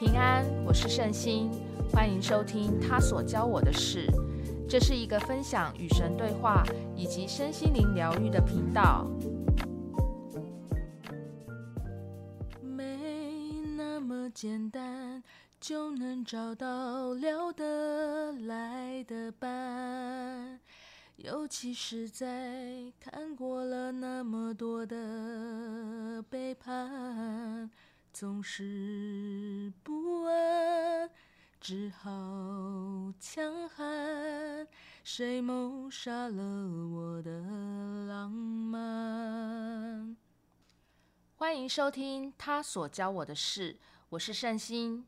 平安，我是聖心，歡迎收聽《祂所教我的事》，這是一個分享與神對話以及身心靈療癒的頻道。沒那麼簡單就能找到聊得來的伴，尤其是在看過了那麼多的背叛。總是不安，只好強悍。誰謀殺了我的浪漫？歡迎收聽《他所教我的事》，我是善心。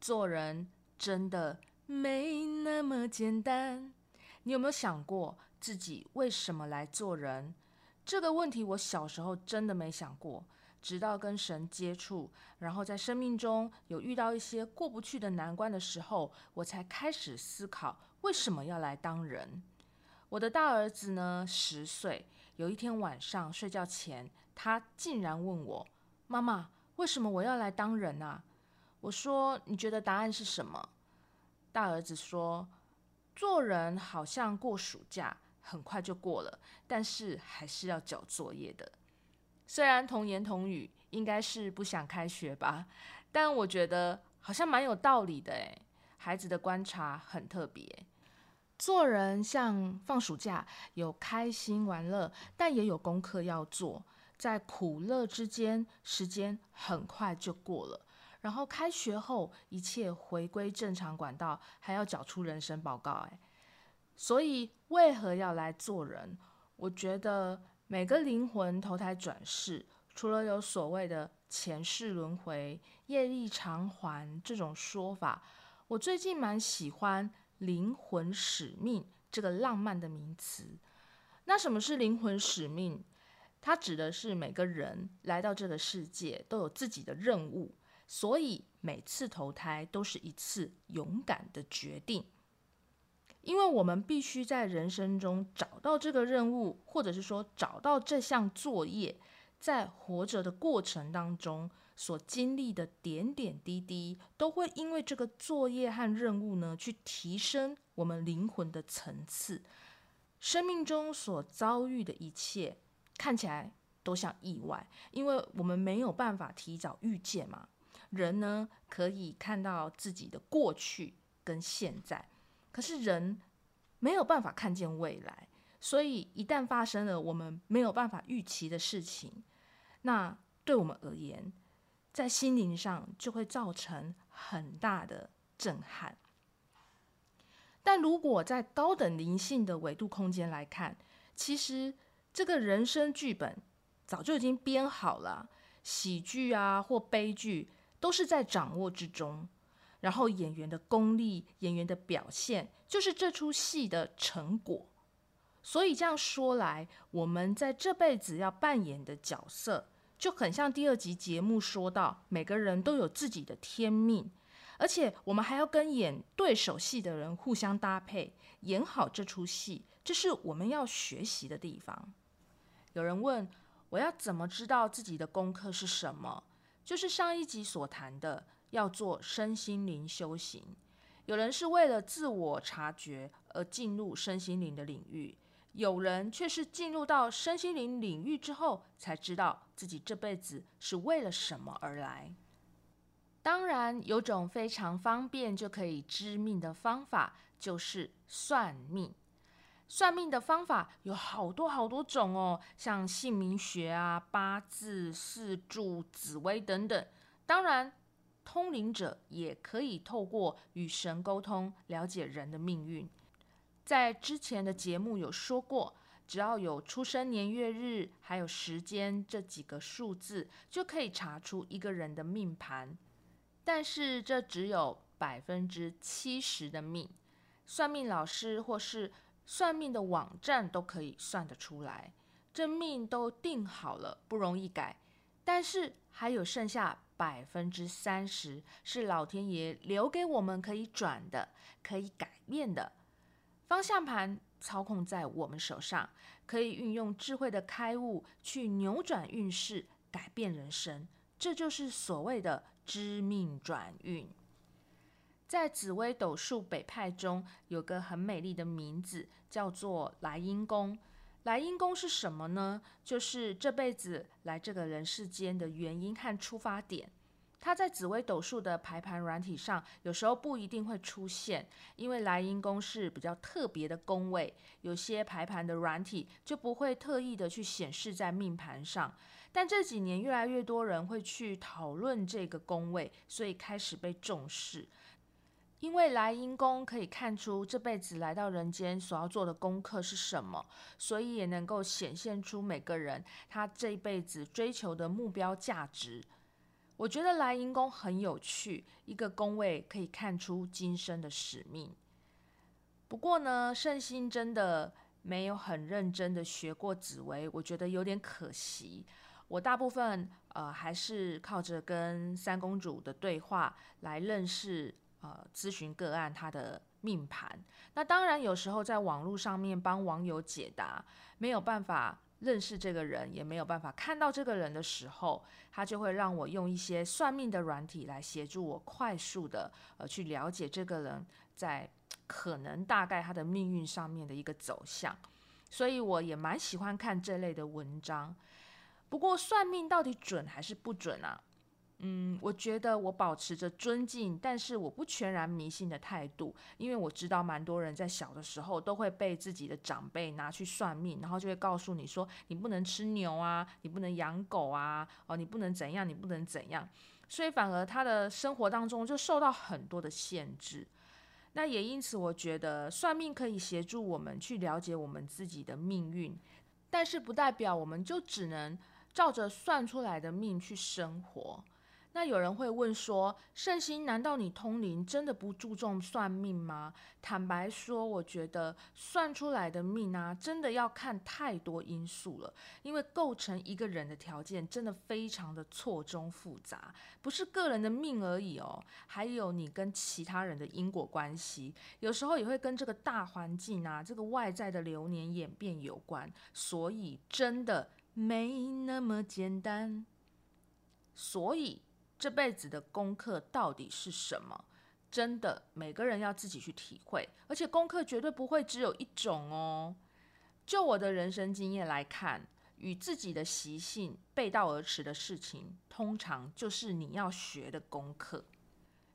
做人真的沒那麼簡單。你有沒有想過自己為什麼來做人？這個問題，我小時候真的沒想過。直到跟神接觸，然後在生命中有遇到一些過不去的難關的時候，我才開始思考為什麼要來當人。我的大兒子呢，十歲，有一天晚上睡覺前，他竟然問我：“媽媽，為什麼我要來當人啊？”我說：“你覺得答案是什麼？”大兒子說：“做人好像過暑假，很快就過了，但是還是要交作業的。”雖然童言童語，應該是不想開學吧？但我覺得好像蠻有道理的哎，孩子的觀察很特別。做人像放暑假，有開心玩樂，但也有功課要做，在苦樂之間，時間很快就過了。然後開學後，一切回歸正常管道，還要找出人生報告哎。所以為何要來做人？我覺得。每個靈魂投胎轉世，除了有所謂的前世輪回、業力償還這種說法，我最近蠻喜歡“靈魂使命”這個浪漫的名詞。那什麼是靈魂使命？它指的是每個人來到這個世界都有自己的任務，所以每次投胎都是一次勇敢的決定。因為我們必須在人生中找到這個任務，或者是說找到這項作業，在活着的過程當中所經歷的點點滴滴，都會因為這個作業和任務呢，去提升我們靈魂的層次。生命中所遭遇的一切，看起來都像意外，因為我們沒有辦法提早預見嘛。人呢，可以看到自己的過去跟現在。可是人沒有辦法看見未來，所以一旦發生了我們沒有辦法預期的事情，那對我們而言，在心靈上就會造成很大的震撼。但如果在高等靈性的維度空間來看，其實這個人生劇本早就已經編好了，喜劇啊或悲劇都是在掌握之中。然後演員的功力、演員的表現，就是這齣戲的成果。所以這樣說來，我們在這輩子要扮演的角色，就很像第二集節目說到，每個人都有自己的天命，而且我們還要跟演對手戲的人互相搭配，演好這齣戲，這是我們要學習的地方。有人問，我要怎麼知道自己的功課是什麼？就是上一集所談的。要做身心靈修行，有人是為了自我察覺而進入身心靈的領域，有人卻是進入到身心靈領域之後，才知道自己這輩子是為了什麼而來。當然，有種非常方便就可以知命的方法，就是算命。算命的方法有好多好多種哦，像姓名學啊、八字、四柱、紫微等等。當然。通靈者也可以透過與神溝通了解人的命運。在之前的節目有說過，只要有出生年月日還有時間這幾個數字，就可以查出一個人的命盤。但是這只有百分之七十的命，算命老師或是算命的網站都可以算得出來，這命都定好了，不容易改。但是還有剩下百分之三十是老天爺留給我們可以轉的、可以改變的。方向盤操控在我們手上，可以運用智慧的開悟去扭轉運勢、改變人生。這就是所謂的知命轉運。在紫微斗數北派中，有個很美麗的名字，叫做來因宮。來因宮是什麼呢？就是這輩子來這個人世間的原因和出發點。它在紫微斗數的排盤軟體上，有時候不一定會出現，因為來因宮是比較特別的宮位，有些排盤的軟體就不會特意的去顯示在命盤上。但這幾年越來越多人會去討論這個宮位，所以開始被重視。因為來因宮可以看出這輩子來到人間所要做的功課是什麼，所以也能夠顯現出每個人他這一輩子追求的目標價值。我覺得來因宮很有趣，一個宮位可以看出今生的使命。不過呢，聖心真的沒有很認真的學過紫微，我覺得有點可惜。我大部分呃還是靠着跟三公主的對話來認識呃，諮詢個案他的命盤，那當然有時候在網絡上面幫網友解答，沒有辦法認識這個人，也沒有辦法看到這個人的時候，他就會讓我用一些算命的軟體來協助我快速地，呃，去了解這個人在可能大概他的命運上面的一個走向，所以我也蠻喜歡看這類的文章。不過算命到底準還是不準啊？嗯，我覺得我保持着尊敬，但是我不全然迷信的態度，因為我知道蠻多人在小的時候都會被自己的長輩拿去算命，然後就會告訴你說你不能吃牛啊，你不能養狗啊，哦，你不能怎樣，你不能怎樣，所以反而他的生活當中就受到很多的限制。那也因此，我覺得算命可以協助我們去了解我們自己的命運，但是不代表我們就只能照着算出來的命去生活。那有人會問說：“聖心，難道你通靈真的不注重算命嗎？”坦白說，我覺得算出來的命啊，真的要看太多因素了。因為構成一個人的條件真的非常的錯綜複雜，不是個人的命而已哦，還有你跟其他人的因果關係，有時候也會跟這個大環境啊、這個外在的流年演變有關。所以真的沒那麼簡單。所以。這輩子的功課到底是什麼？真的，每個人要自己去體會，而且功課絕對不會只有一種哦。就我的人生經驗來看，與自己的習性背道而馳的事情，通常就是你要學的功課。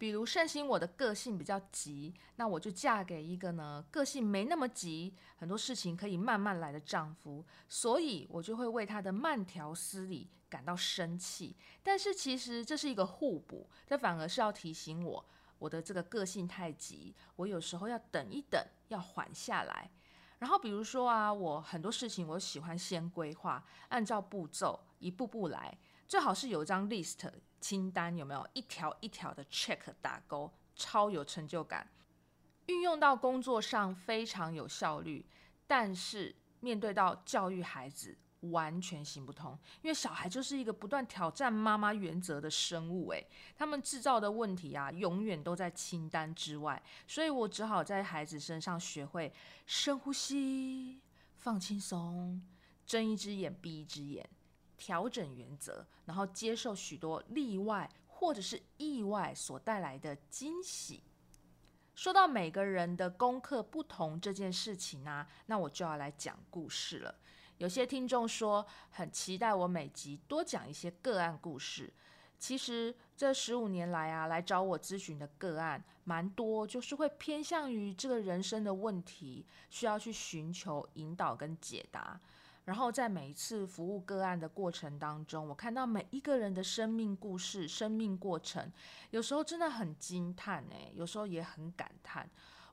比如，聖心，我的個性比較急，那我就嫁給一個呢個性沒那麼急，很多事情可以慢慢來的丈夫，所以我就會為他的慢條斯理感到生氣。但是其實這是一個互補，這反而是要提醒我，我的這個個性太急，我有時候要等一等，要緩下來。然後比如說啊，我很多事情我喜歡先規劃，按照步驟一步步來。最好是有一張 list 清單，有沒有一條一條的 check 打勾，超有成就感。運用到工作上非常有效率，但是面對到教育孩子完全行不通，因為小孩就是一個不斷挑戰媽媽原則的生物，哎，他們制造的問題啊，永遠都在清單之外，所以我只好在孩子身上學會深呼吸，放輕鬆，睜一隻眼閉一隻眼。調整原則，然後接受許多例外或者是意外所帶來的驚喜。說到每個人的功課不同這件事情呢、啊，那我就要來講故事了。有些聽眾說很期待我每集多講一些個案故事。其實這十五年來啊，來找我諮詢的個案蠻多，就是會偏向於這個人生的問題，需要去尋求引導跟解答。然後在每一次服務個案的過程當中，我看到每一個人的生命故事、生命過程，有時候真的很驚嘆欸，有時候也很感嘆。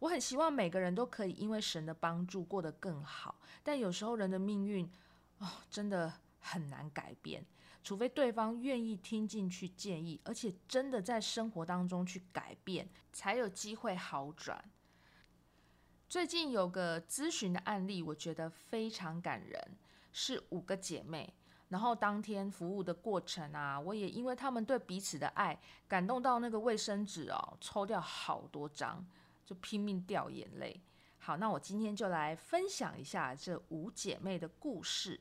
我很希望每個人都可以因為神的幫助過得更好，但有時候人的命運，哦，真的很難改變，除非對方願意聽進去建議，而且真的在生活當中去改變，才有機會好轉。最近有個諮詢的案例，我覺得非常感人，是五個姐妹。然後當天服務的過程啊，我也因為她們對彼此的愛感動到那個衛生紙哦，抽掉好多張，就拼命掉眼淚。好，那我今天就來分享一下這五姐妹的故事。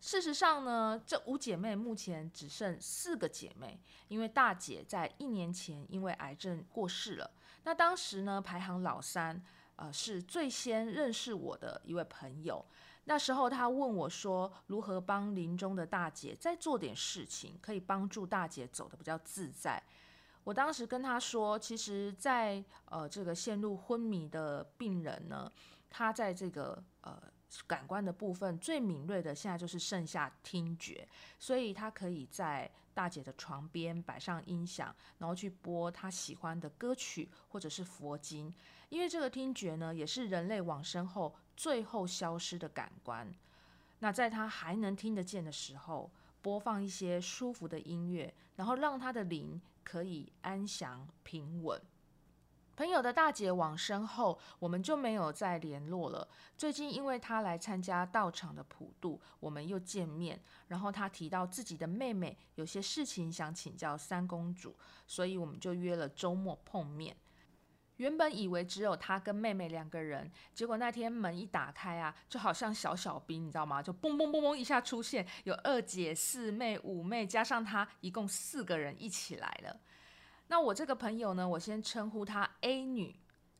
事實上呢，這五姐妹目前只剩四個姐妹，因為大姐在一年前因為癌症過世了。那當時呢，排行老三，呃，是最先認識我的一位朋友。那時候他問我說：“如何幫臨終的大姐再做點事情，可以幫助大姐走得比較自在？”我當時跟他說：“其實在，在呃這個陷入昏迷的病人呢，他在這個呃感官的部分最敏銳的，現在就是剩下聽覺，所以他可以在大姐的床邊擺上音響，然後去播他喜歡的歌曲或者是佛經。”因為這個聽覺呢，也是人類往生後最後消失的感官。那在他還能聽得見的時候，播放一些舒服的音樂，然後讓他的靈可以安詳平穩。朋友的大姐往生後，我們就沒有再聯絡了。最近因為她來參加道場的普渡，我們又見面，然後她提到自己的妹妹有些事情想請教三公主，所以我們就約了周末碰面。原本以為只有她跟妹妹兩個人，結果那天門一打開啊，就好像小小兵，你知道嗎？就嘣嘣嘣嘣一下出現，有二姐、四妹、五妹，加上她，一共四個人一起來了。那我這個朋友呢，我先稱呼她 A 女。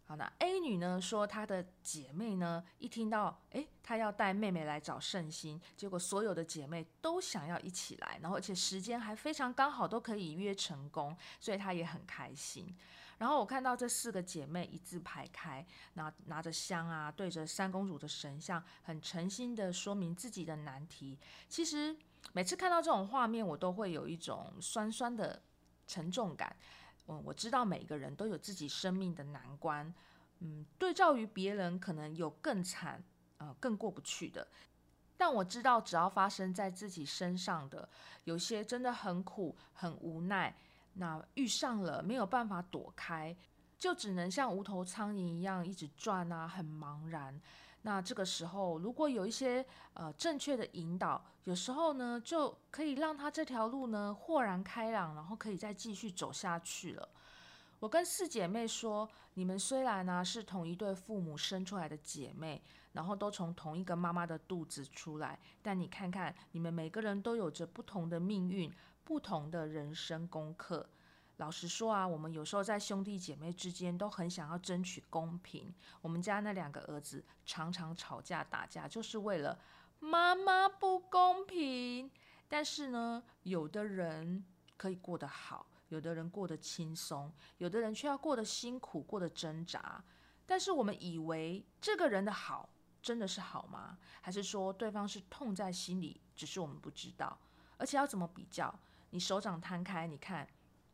好，那 A 女呢，說她的姐妹呢，一聽到哎她要帶妹妹來找聖心，結果所有的姐妹都想要一起來，然後而且時間還非常剛好都可以約成功，所以她也很開心。然後我看到這四個姐妹一字排開，拿拿着香啊，對着三公主的神像，很誠心的說明自己的難題。其實每次看到這種畫面，我都會有一種酸酸的沉重感。嗯，我知道每個人都有自己生命的難關，嗯，對照於別人可能有更慘，呃，更過不去的。但我知道只要發生在自己身上的，有些真的很苦，很無奈。那遇上了沒有辦法躲開，就只能像無頭蒼蠅一樣一直轉啊，很茫然。那這個時候，如果有一些呃正確的引導，有時候呢就可以讓他這條路呢豁然開朗，然後可以再繼續走下去了。我跟四姐妹說，你們雖然呢是同一對父母生出來的姐妹。然後都從同一個媽媽的肚子出來，但你看看，你們每個人都有着不同的命運，不同的人生功課。老實說啊，我們有時候在兄弟姐妹之間都很想要爭取公平。我們家那兩個兒子常常吵架打架，就是為了媽媽不公平。但是呢，有的人可以過得好，有的人過得輕鬆，有的人卻要過得辛苦，過得掙扎。但是我們以為這個人的好。真的是好嗎？還是說對方是痛在心裡，只是我們不知道？而且要怎麼比較？你手掌攤開，你看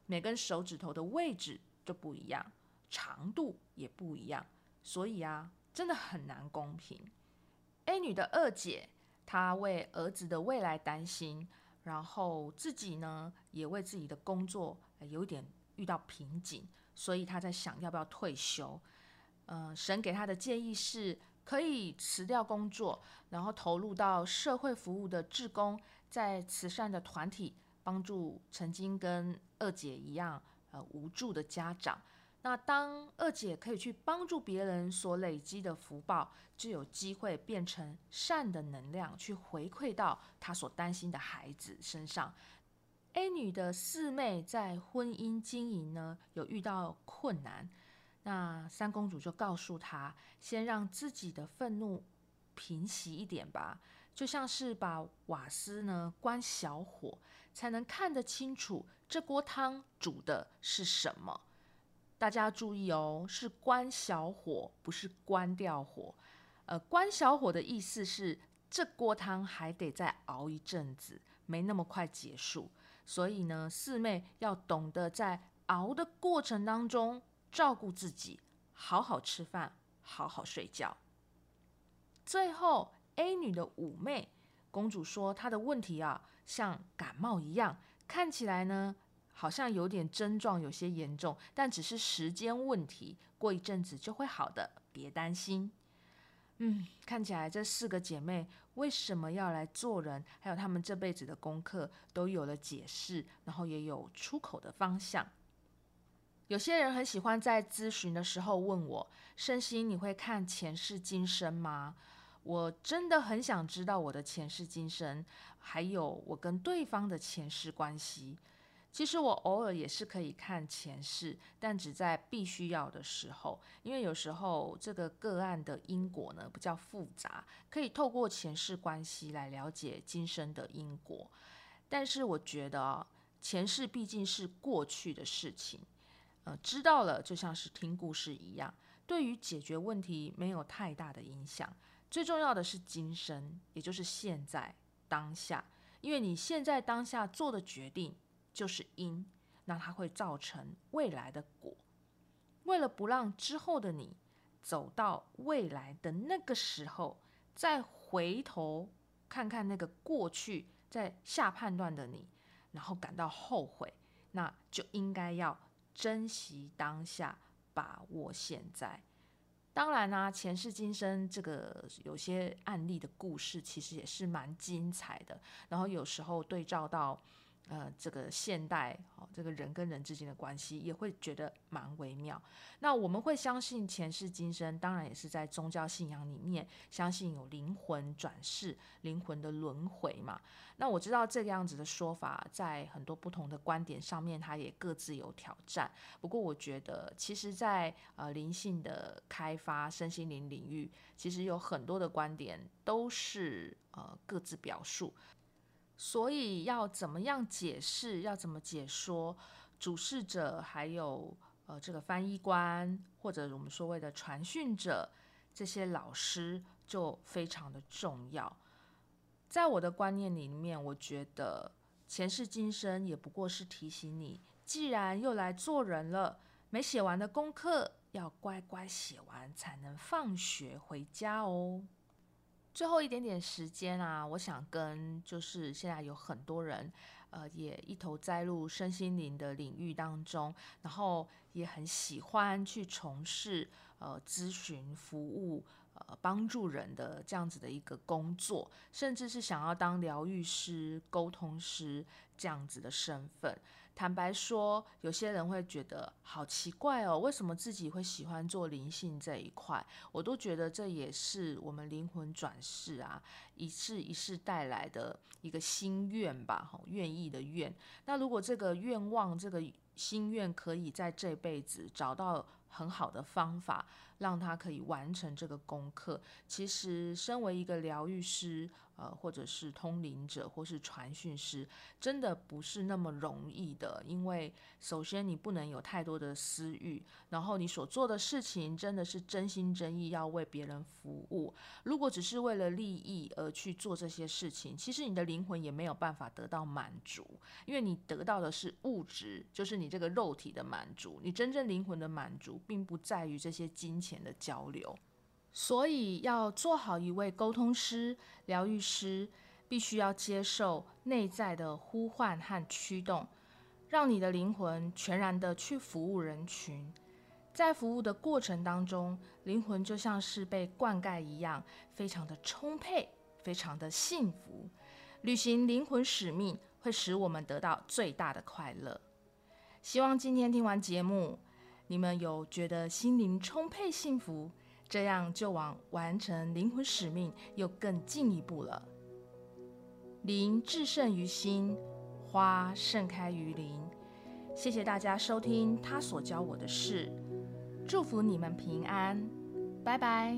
每根手指頭的位置就不一樣，長度也不一樣，所以啊，真的很難公平。A 女的二姐，她為兒子的未來擔心，然後自己呢也為自己的工作有點遇到瓶頸，所以她在想要不要退休？嗯、呃，神給她的建議是。可以辭掉工作，然後投入到社會服務的志工，在慈善的團體幫助曾經跟二姐一樣呃、無助的家長。那當二姐可以去幫助別人所累積的福報，就有機會變成善的能量，去回饋到她所擔心的孩子身上。A 女的四妹在婚姻經營呢，有遇到困難。那三公主就告訴他，先讓自己的憤怒平息一點吧，就像是把瓦斯呢關小火，才能看得清楚這鍋湯煮的是什麼。大家注意哦，是關小火，不是關掉火。呃，關小火的意思是這鍋湯還得再熬一陣子，沒那麼快結束。所以呢，四妹要懂得在熬的過程當中。照顧自己，好好吃飯，好好睡覺。最後，A 女的五妹公主說：“她的問題啊，像感冒一樣，看起來呢，好像有點症狀，有些嚴重，但只是時間問題，過一陣子就會好的，別擔心。”嗯，看起來這四個姐妹為什麼要來做人，還有她們這輩子的功課，都有了解釋，然後也有出口的方向。有些人很喜歡在諮詢的時候問我：“聖心，你會看前世今生嗎？”我真的很想知道我的前世今生，還有我跟對方的前世關係。其實我偶爾也是可以看前世，但只在必須要的時候，因為有時候這個個案的因果呢比較複雜，可以透過前世關係來了解今生的因果。但是我覺得，前世畢竟是過去的事情。知道了，就像是聽故事一樣，對於解決問題沒有太大的影響。最重要的是今生，也就是現在當下，因為你現在當下做的決定就是因，那它會造成未來的果。為了不讓之後的你走到未來的那個時候再回頭看看那個過去，在下判斷的你，然後感到後悔，那就應該要。珍惜當下，把握現在。當然啦，啊，前世今生這個有些案例的故事，其實也是蠻精彩的。然後有時候對照到。呃，這個現代哦，這個人跟人之間的關係也會覺得蠻微妙。那我們會相信前世今生，當然也是在宗教信仰裡面相信有靈魂轉世、靈魂的輪迴嘛。那我知道這個樣子的說法，在很多不同的觀點上面，它也各自有挑戰。不過我覺得，其實在，在呃靈性的開發、身心靈領域，其實有很多的觀點都是呃各自表述。所以要怎麼樣解釋，要怎麼解說，主事者還有呃這個翻譯官，或者我們所謂的傳訊者，這些老師就非常的重要。在我的觀念裡面，我覺得前世今生也不過是提醒你，既然又來做人了，沒寫完的功課要乖乖寫完，才能放學回家哦。最後一點點時間啊，我想跟就是現在有很多人，呃，也一頭栽入身心靈的領域當中，然後也很喜歡去從事，呃，諮詢服務。呃，幫助人的這樣子的一個工作，甚至是想要當療癒師、溝通師這樣子的身份。坦白說，有些人會覺得好奇怪哦，為什麼自己會喜歡做靈性這一塊？我都覺得這也是我們靈魂轉世啊，一世一世帶來的一個心願吧，願意的願。那如果這個願望、這個心願可以在這輩子找到。很好的方法，讓他可以完成這個功課。其實，身為一個療癒師。呃，或者是通靈者，或是傳訊師，真的不是那麼容易的。因為首先你不能有太多的私慾，然後你所做的事情真的是真心真意要為別人服務。如果只是為了利益而去做這些事情，其實你的靈魂也沒有辦法得到滿足，因為你得到的是物質，就是你這個肉體的滿足。你真正靈魂的滿足，並不在於這些金錢的交流。所以，要做好一位溝通師、療癒師，必須要接受內在的呼喚和驅動，讓你的靈魂全然的去服務人群。在服務的過程當中，靈魂就像是被灌溉一樣，非常的充沛，非常的幸福。履行靈魂使命會使我們得到最大的快樂。希望今天聽完節目，你們有覺得心靈充沛、幸福。這樣就往完成靈魂使命又更進一步了。靈至勝於心，花盛開於林。謝謝大家收聽祂所教我的事，祝福你們平安，拜拜。